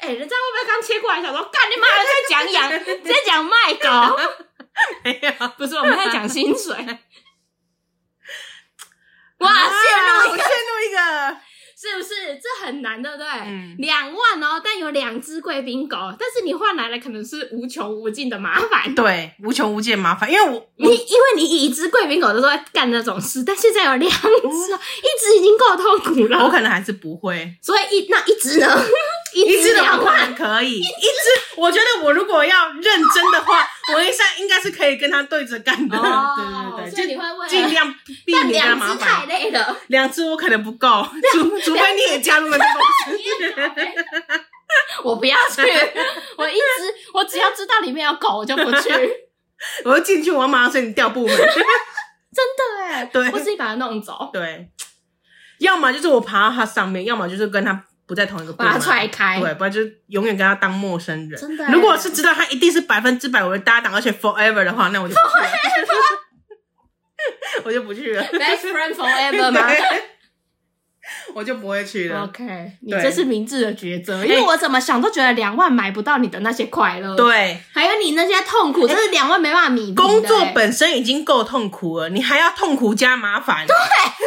哎 (laughs) 、欸，人家會不會剛切過來，想說幹你媽？在講養，在講賣狗？ (laughs) 沒有，不是我們、啊、在講薪水。 (laughs) 哇，羨、啊、慕，羨慕一個。是不是，這很難，對不對？嗯、兩萬哦、喔，但有兩隻貴賓狗，但是你換來了可能是無窮無盡的麻煩，對，無窮無盡麻煩。因為我你我因為你一隻貴賓狗的時候幹那種事，但現在有兩隻、嗯，一隻已經夠痛苦了，我可能還是不會。所以一那一隻呢？ (laughs) 一只的話可以，一只我覺得我如果要認真的話， (laughs) 我一下應該是可以跟他對着幹的，oh, 對對對，所以你會問就儘量避免他麻煩。兩只太累了，兩只我可能不夠，除除非你也加入了這個 (laughs) 。我不要去， (laughs) 我一只，我只要知道裡面有狗，我就不去。 (laughs) 我,進去我要進去，我要馬上隨你調部門。 (laughs) 真的誒對，我自己把它弄走。對，對要麼就是我爬到它上面，要麼就是跟它。不在同一個部門開，對，不然就永遠跟他當陌生人。真的、欸，如果是知道他一定是百分之百我會搭檔，而且 forever 的話，那我就不去了，forever? (laughs) 我就不去了。Best friend forever 嗎？我就不會去了。OK，你這是明智的抉擇，因為我怎麼想都覺得兩萬買不到你的那些快樂。對，還有你那些痛苦，這是兩萬沒辦法彌補、欸欸、工作本身已經夠痛苦了，你還要痛苦加麻煩、啊，對，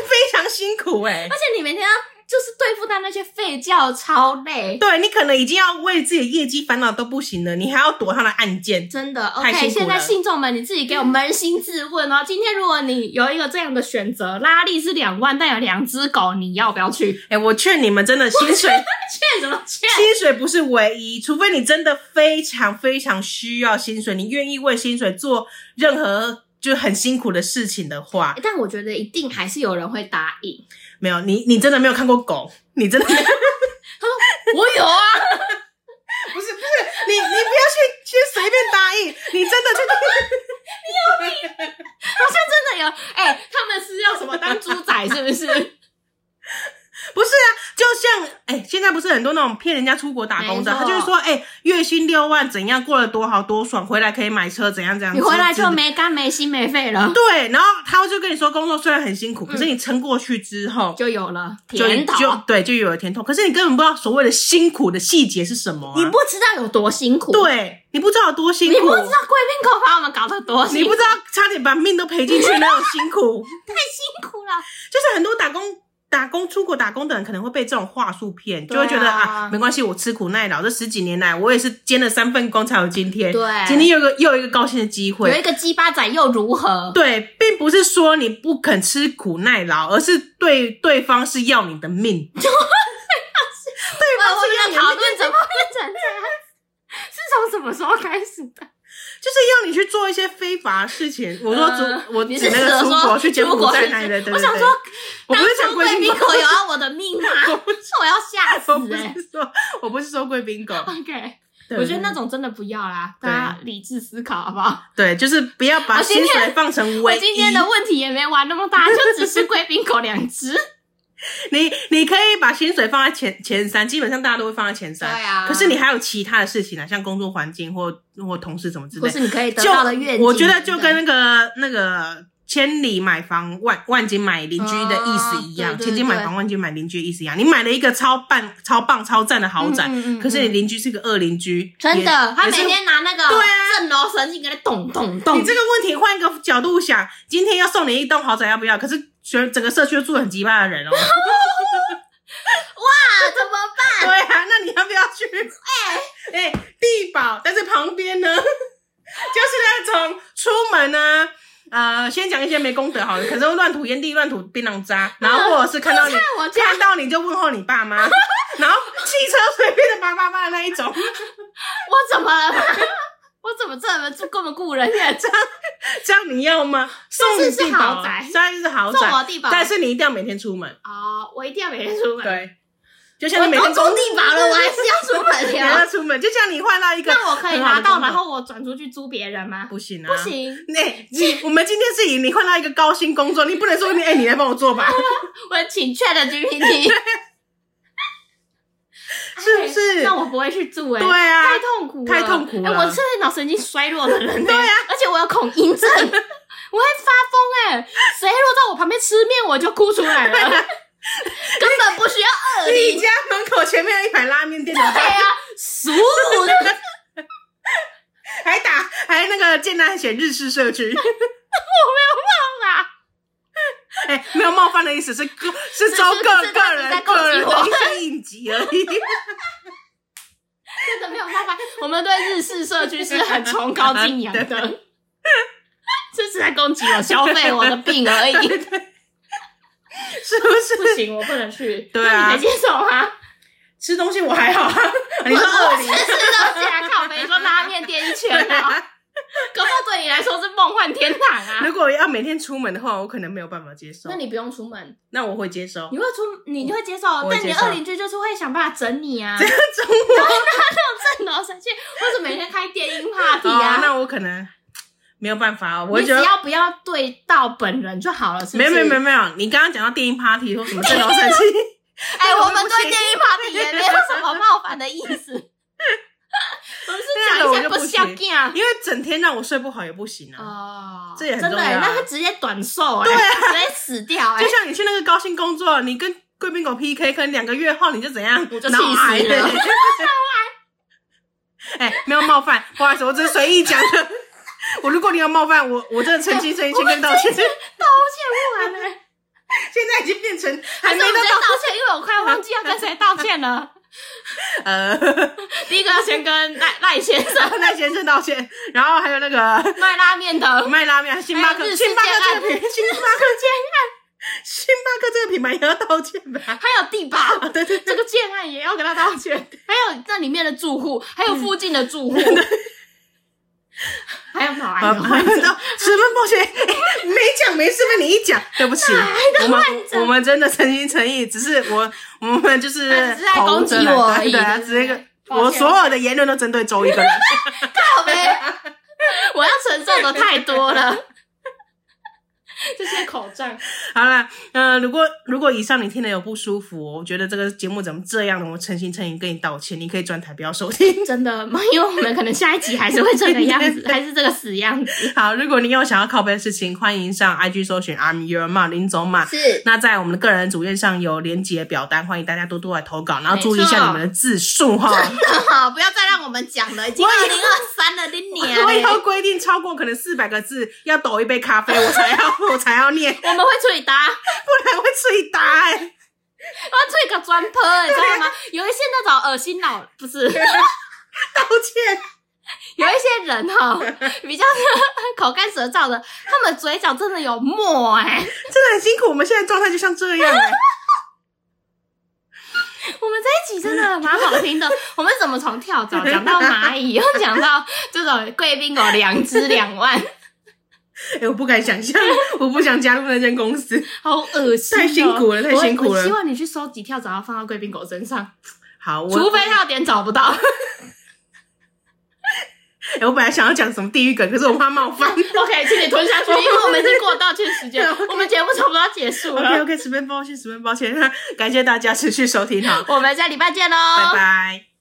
非常辛苦哎、欸。而且你沒聽。就是對付他那些吠叫超累，對，你可能已經要為自己的業績煩惱都不行了，你還要躲他的案件，真的太辛苦了。OK，現在信眾們，你自己給我捫心自問哦、嗯，今天如果你有一個這樣的選擇，拉力是兩萬，但有兩隻狗，你要不要去？哎、欸，我勸你們真的薪水勸，勸什麼勸？薪水不是唯一，除非你真的非常非常需要薪水，你願意為薪水做任何就很辛苦的事情的話。欸、但我覺得一定還是有人會答應。沒有你，你真的沒有看過狗，你真的沒有 (laughs) 他說？我有啊，不是不是，你你不要去去隨便答應，你真的去？ (laughs) 你有病名？ (laughs) 好像真的有，哎、欸，他們是要什麼當豬仔是不是？ (laughs) (laughs) 不是啊，就像哎、欸，現在不是很多那種騙人家出國打工的，他就是說哎、欸，月薪六萬怎樣，過得多好多爽，回來可以買車怎樣怎樣。你回來就沒肝沒心沒肺了。對，然後他就跟你說，工作雖然很辛苦，嗯、可是你撐過去之後就有了甜頭就就。對，就有了甜頭，可是你根本不知道所謂的辛苦的細節是什麼、啊。你不知道有多辛苦。對，你不知道有多辛苦。你不知道貴賓狗把我們搞得多辛苦。你不知道差點把命都賠進去那種辛苦。 (laughs) 太辛苦了，就是很多打工。打工出國打工的人可能會被這種話術騙，就會覺得啊，啊，沒關係，我吃苦耐勞，這十幾年來我也是兼了三份工才有今天。對，今天有一個又有一個高薪的機會，有一個雞巴仔又如何？對，並不是說你不肯吃苦耐勞，而是對對方是要你的命。 (laughs) 對方是要你 (laughs) 的命演。怎麼變成這樣？是從什麼時候開始的？就是要你去做一些非法的事情。我說祖、呃，我指那個出國去柬埔寨那一帶，我想說，當初我不是講貴賓狗，有啊，我的命啊！我不是 (laughs) 我要嚇死，欸，哎，我不是說貴賓狗。OK，我覺得那種真的不要啦，大家理智思考好不好？對，就是不要把薪水放成唯一。我今天，我今天的問題也沒玩那麼大，就只是貴賓狗兩只。 (laughs) 你你可以把薪水放在前前三，基本上大家都會放在前三。對、啊、可是你還有其他的事情呢、啊，像工作環境或或同事什麼之類。不是你可以得到的願景。我覺得就跟那個那個千里買房萬萬金買鄰居的意思一樣，啊、對對對對千金買房萬金買鄰居的意思一樣。你買了一個超棒對對對超棒超讚的豪宅，嗯嗯嗯嗯可是你鄰居是個惡鄰居，真的，他每天拿那個震樓對啊，神器給他咚咚咚。你這個問題換一個角度想，今天要送你一棟豪宅，要不要？可是。選整個社區都住很奇葩的人哦！哇， (laughs) 怎麼辦？對啊，那你要不要去？哎、欸、誒、欸、地堡，但是旁邊呢，就是那種出門呢、啊，呃，先講一些沒公德好，可是亂吐煙蒂，亂吐檳榔渣，然後或者是看到你看到你就問候你爸媽，然後汽車隨便的叭叭叭那一種。我怎麼了？ (laughs) 我怎麼這麼這人這樣這樣你要嗎？送你地堡、啊、這是是豪宅，這樣是豪宅。送我地堡，但是你一定要每天出門。哦、oh,，我一定要每天出門。對，就像你每天租地堡了，我還是要出門。 (laughs) 要出門。就像你換到一個，那我可以拿到，然後我轉出去租別人嗎？不行啊，不行。那、欸、你我們今天是以你換到一個高薪工作，你不能說哎、欸，你來幫我做吧。 (laughs) 我請 Chat GPT。 (laughs) 是不是，那、欸、我不會去住誒、欸、對啊，太痛苦了，太痛苦了。欸、我是腦神經衰弱的人、欸，對啊，而且我有恐音症， (laughs) 我會發瘋哎、欸，誰落在我旁邊吃麵，我就哭出來了， (laughs) 根本不需要耳機你，你家門口前面有一排拉麵店的，對啊，俗人。 (laughs) (laughs) 還打還那個建南選日式社區， (laughs) 我沒有辦法、啊。哎，沒有冒犯的意思，是，是周各是招各個人個人 (laughs) 一些應急而已。真 (laughs) 的沒有冒犯，我們對日式社區是很崇高敬仰的，只 (laughs) 是，是在攻擊我 (laughs) 消費我的病而已。是不是？ (laughs) 不行，我不能去。對、啊，那你得接受啊。吃東西我還好啊， (laughs) 你說我吃東西還靠北說拉麵店一圈嗎、啊？ (laughs) 對你來說是夢幻天堂啊！如果要每天出門的話，我可能沒有辦法接受。那你不用出門，那我會接受。你會出，你就會接受，但你二鄰居就是會想辦法整你啊，整我，對啊，那種整到神器，或者每天開電音 party 啊， (laughs) 那我可能沒有辦法啊。我覺得你只要不要對到本人就好了，是不是？沒沒有沒有，你剛剛講到電音 party 說什麼整到神器？哎 (laughs) 、欸， (laughs) 我們對電音 party 也沒有什麼冒犯的意思。 (laughs) 不是這樣，我就不行不小。因為整天讓我睡不好也不行啊。哦、oh，這也很重要、啊。真的、欸，那他直接短壽哎、欸啊，直接死掉哎、欸。就像你去那個高薪工作，你跟貴賓狗 PK，可能兩個月後你就怎樣？腦就腦癌。哎、欸，沒有冒犯， (laughs) 不好意思，我只是隨意講的。 (laughs) 我如果你有冒犯我，我真的誠心誠意去跟你道歉，道歉不完嘞、欸。 (laughs) 現在已經變成還沒到道歉還得道歉，因為我快忘記要跟誰道歉了。啊啊啊啊呃，第一個要先跟賴賴先生、賴 (laughs) 先生道歉，然後還有那個賣拉麵的、賣拉麵、星巴克、星巴克這個品牌、星巴克星 (laughs) 巴克這個品牌也要道歉吧？還有第八，啊、對對對，這個建案也要給他道歉。還有這裡面的住戶，還有附近的住戶。嗯，對對。還有哪愛的患者？十、啊、分抱歉，啊、沒講沒事跟你一講，對不起，我們我們真的誠心誠意，只是我我們就是、啊。只是在攻擊我而已、啊。對啊，只是一個我，我所有的言論都針對周一一個人。靠唄！我要承受的太多了。這些口罩。好了，呃，如果如果以上你聽得有不舒服，哦，我覺得這個節目怎麼這樣呢？我誠心誠意跟你道歉，你可以轉台不要收聽。 (laughs) 真的嗎？因為我們可能下一集還是會這個樣子， (laughs) 對對對對還是這個死樣子。好，如果你有想要靠背的事情，歡迎上 IG 搜尋 I'm Your Mark 林總馬。是。那在我們的個人主頁上有連結表單，歡迎大家多多來投稿，然後注意一下你們的字數哈，欸。真的哈，不要再讓我們講了，已經二零二三了今年。我以後規定超過可能四百個字要抖一杯咖啡， (laughs) 我才要。我才要念，我們會嘴答，不然會嘴答哎、欸，我做一個專科、欸，你知道嗎？有一些那種噁心腦，不是道歉，有一些人哈、喔，比較口乾舌燥的，他們嘴角真的有沫哎、欸，真的很辛苦。我們現在狀態就像這樣、欸啊、我們在一起真的蠻好聽的。 (laughs) 我們怎麼從跳蚤講到螞蟻，又講到這種貴賓狗，兩隻兩萬？哎、欸，我不敢想象，我不想加入那間公司， (laughs) 好噁心，喔，太辛苦了，太辛苦了。我，我希望你去收集票，找到放到貴賓狗身上。好，我除非他有點找不到， (laughs) 欸。我本來想要講什麼地獄梗，可是我怕冒犯。 (laughs) OK，請你吞下去， (laughs) 因為我們已經過了道歉時間， (laughs) okay. 我們節目差不多要結束了。Okay, OK，十分抱歉，十分抱歉， (laughs) 感謝大家持續收聽，好， (laughs) 我們下禮拜見嘍，拜拜。